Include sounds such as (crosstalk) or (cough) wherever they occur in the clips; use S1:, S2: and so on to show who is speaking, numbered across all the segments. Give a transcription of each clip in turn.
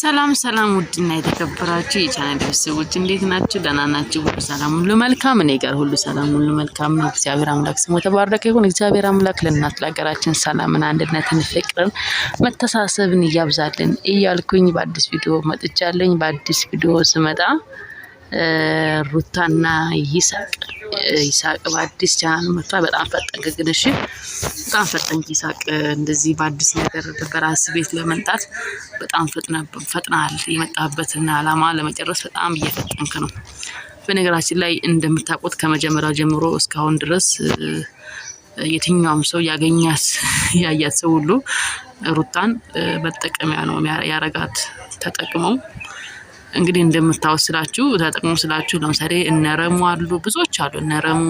S1: ሰላም ሰላም፣ ውድና የተከበራችሁ የቻናል ቤተሰቦች እንዴት ናችሁ? ደህና ናችሁ? ሁሉ ሰላም፣ ሁሉ መልካም። እኔ ጋር ሁሉ ሰላም፣ ሁሉ መልካም ነው። እግዚአብሔር አምላክ ስሙ የተባረከ ይሁን። እግዚአብሔር አምላክ ለእናት ለሀገራችን ሰላምን፣ አንድነትን፣ ፍቅርን፣ መተሳሰብን እያብዛልን እያልኩኝ በአዲስ ቪዲዮ መጥቻለኝ። በአዲስ ቪዲዮ ስመጣ ሩታና ይሳቅ ይሳቅ በአዲስ ቻናል መጥቷል። በጣም ፈጠንክ ግን እሺ፣ በጣም ፈጠንክ ይሳቅ። እንደዚህ በአዲስ ነገር በራስ ቤት ለመምጣት በጣም ፈጥናል። የመጣበትን አላማ ለመጨረስ በጣም እየፈጠንክ ነው። በነገራችን ላይ እንደምታውቁት ከመጀመሪያው ጀምሮ እስካሁን ድረስ የትኛውም ሰው ያገኛት (laughs) ያያት ሰው ሁሉ ሩታን መጠቀሚያ ነው ያረጋት ተጠቅመው እንግዲህ እንደምታወስ ስላችሁ ተጠቅሞ ስላችሁ ለምሳሌ እነረሙ አሉ፣ ብዙዎች አሉ። እነረሙ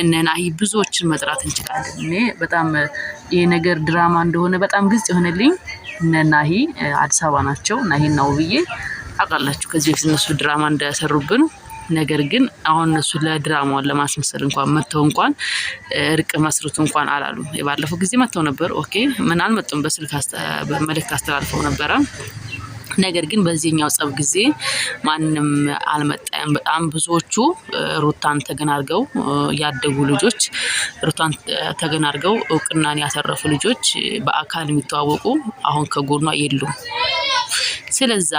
S1: እነናይ ብዙዎችን መጥራት እንችላለን።
S2: እኔ በጣም ይህ ነገር ድራማ እንደሆነ በጣም ግልጽ የሆነልኝ እነናሂ አዲስ አበባ ናቸው። ናሂና ውብዬ አውቃላችሁ ከዚህ በፊት እነሱ ድራማ እንዳያሰሩብን ነገር ግን አሁን እነሱ ለድራማውን ለማስመሰል እንኳን መጥተው እንኳን እርቅ መስርቱ እንኳን አላሉ። የባለፈው ጊዜ መጥተው ነበር። ኦኬ ምን አልመጡም፣ በስልክ መልእክት አስተላልፈው ነበረ። ነገር ግን በዚህኛው ጸብ ጊዜ ማንም አልመጣም። በጣም ብዙዎቹ ሩታን ተገናርገው ያደጉ ልጆች፣ ሩታን ተገናርገው እውቅናን ያተረፉ ልጆች በአካል የሚተዋወቁ አሁን ከጎኗ የሉም። ስለዛ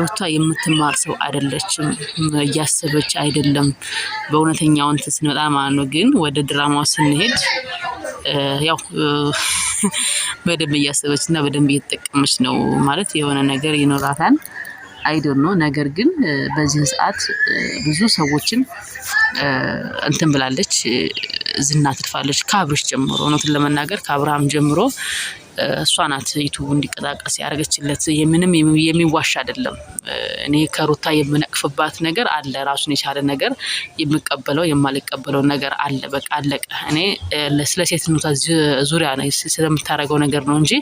S2: ሩታ የምትማር ሰው አይደለችም፣ እያሰበች አይደለም። በእውነተኛውን ስንመጣ ማለት ነው። ግን ወደ ድራማው ስንሄድ ያው (laughs) በደንብ እያሰበች እና በደንብ እየተጠቀመች ነው ማለት የሆነ ነገር ይኖራታል አይዶን ነው። ነገር ግን በዚህን ሰዓት ብዙ ሰዎችን እንትን ብላለች፣ ዝና ትርፋለች። ከአብርሽ ጀምሮ እውነትን ለመናገር ከአብርሃም ጀምሮ እሷ ናት ዩቱቡ ያደረገችለት። ምንም የሚዋሽ አይደለም። እኔ ከሩታ የምነቅፍባት ነገር አለ፣ ራሱን የቻለ ነገር የምቀበለው የማልቀበለው ነገር አለ። በቃ አለቀ። እኔ ስለ ሴትነቷ ዙሪያ ስለምታደርገው ነገር ነው እንጂ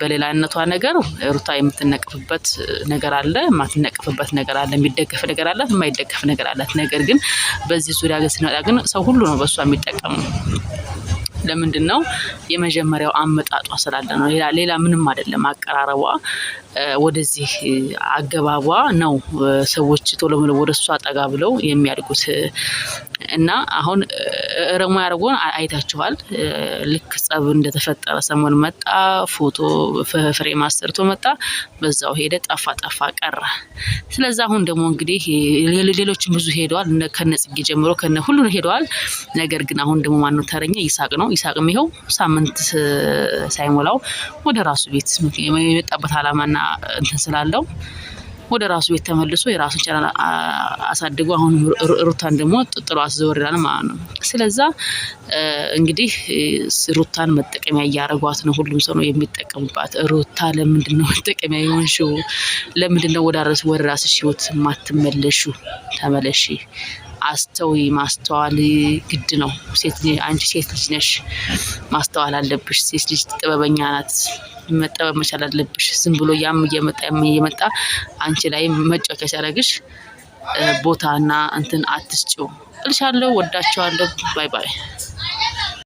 S2: በሌላነቷ ነገር ሩታ የምትነቅፍበት ነገር አለ፣ የማትነቅፍበት ነገር አለ፣ የሚደገፍ ነገር አላት፣ የማይደገፍ ነገር አላት። ነገር ግን በዚህ ዙሪያ ስንመጣ ግን ሰው ሁሉ ነው በእሷ የሚጠቀሙ ለምንድን ነው? የመጀመሪያው አመጣጧ ስላለ ነው። ሌላ ምንም አይደለም። አቀራረቧ ወደዚህ አገባቧ ነው ሰዎች ቶሎ ብለው ወደ እሷ ጠጋ ብለው የሚያድጉት። እና አሁን ረሞ ያደርጎን አይታችኋል። ልክ ጸብ እንደተፈጠረ ሰሞን መጣ፣ ፎቶ ፍሬ ማሰርቶ መጣ፣ በዛው ሄደ፣ ጠፋ ጠፋ ቀረ። ስለዚ አሁን ደግሞ እንግዲህ ሌሎችም ብዙ ሄደዋል፣ ከነ ጽጌ ጀምሮ ከነ ሁሉ ሄደዋል። ነገር ግን አሁን ደግሞ ማነው ተረኛ? ይሳቅ ነው። ይሳቅም ይኸው ሳምንት ሳይሞላው ወደ ራሱ ቤት የመጣበት አላማና እንትን ስላለው ወደ ራሱ ቤት ተመልሶ የራሱ ቻናል አሳድጎ አሁን ሩታን ደግሞ ጥሎ ዘወር ይላል ማለት ነው። ስለዛ እንግዲህ ሩታን መጠቀሚያ እያደረጓት ነው። ሁሉም ሰው ነው የሚጠቀሙባት። ሩታ ለምንድን ነው መጠቀሚያ የሆንሽው? ለምንድን ነው ወደ ራስ ወደ ራስሽ ህይወት ማትመለሹ? ተመለሺ። አስተዊ ማስተዋል ግድ ነው። ሴት አንቺ ሴት ልጅ ነሽ፣ ማስተዋል አለብሽ። ሴት ልጅ ጥበበኛ ናት። መጠበብ መቻል አለብሽ። ዝም ብሎ ያም እየመጣ ያም እየመጣ አንቺ ላይ መጫወቻ ሲያደርግሽ ቦታና እንትን አትስጪው እልሻለሁ። ወዳቸዋለሁ። ባይ ባይ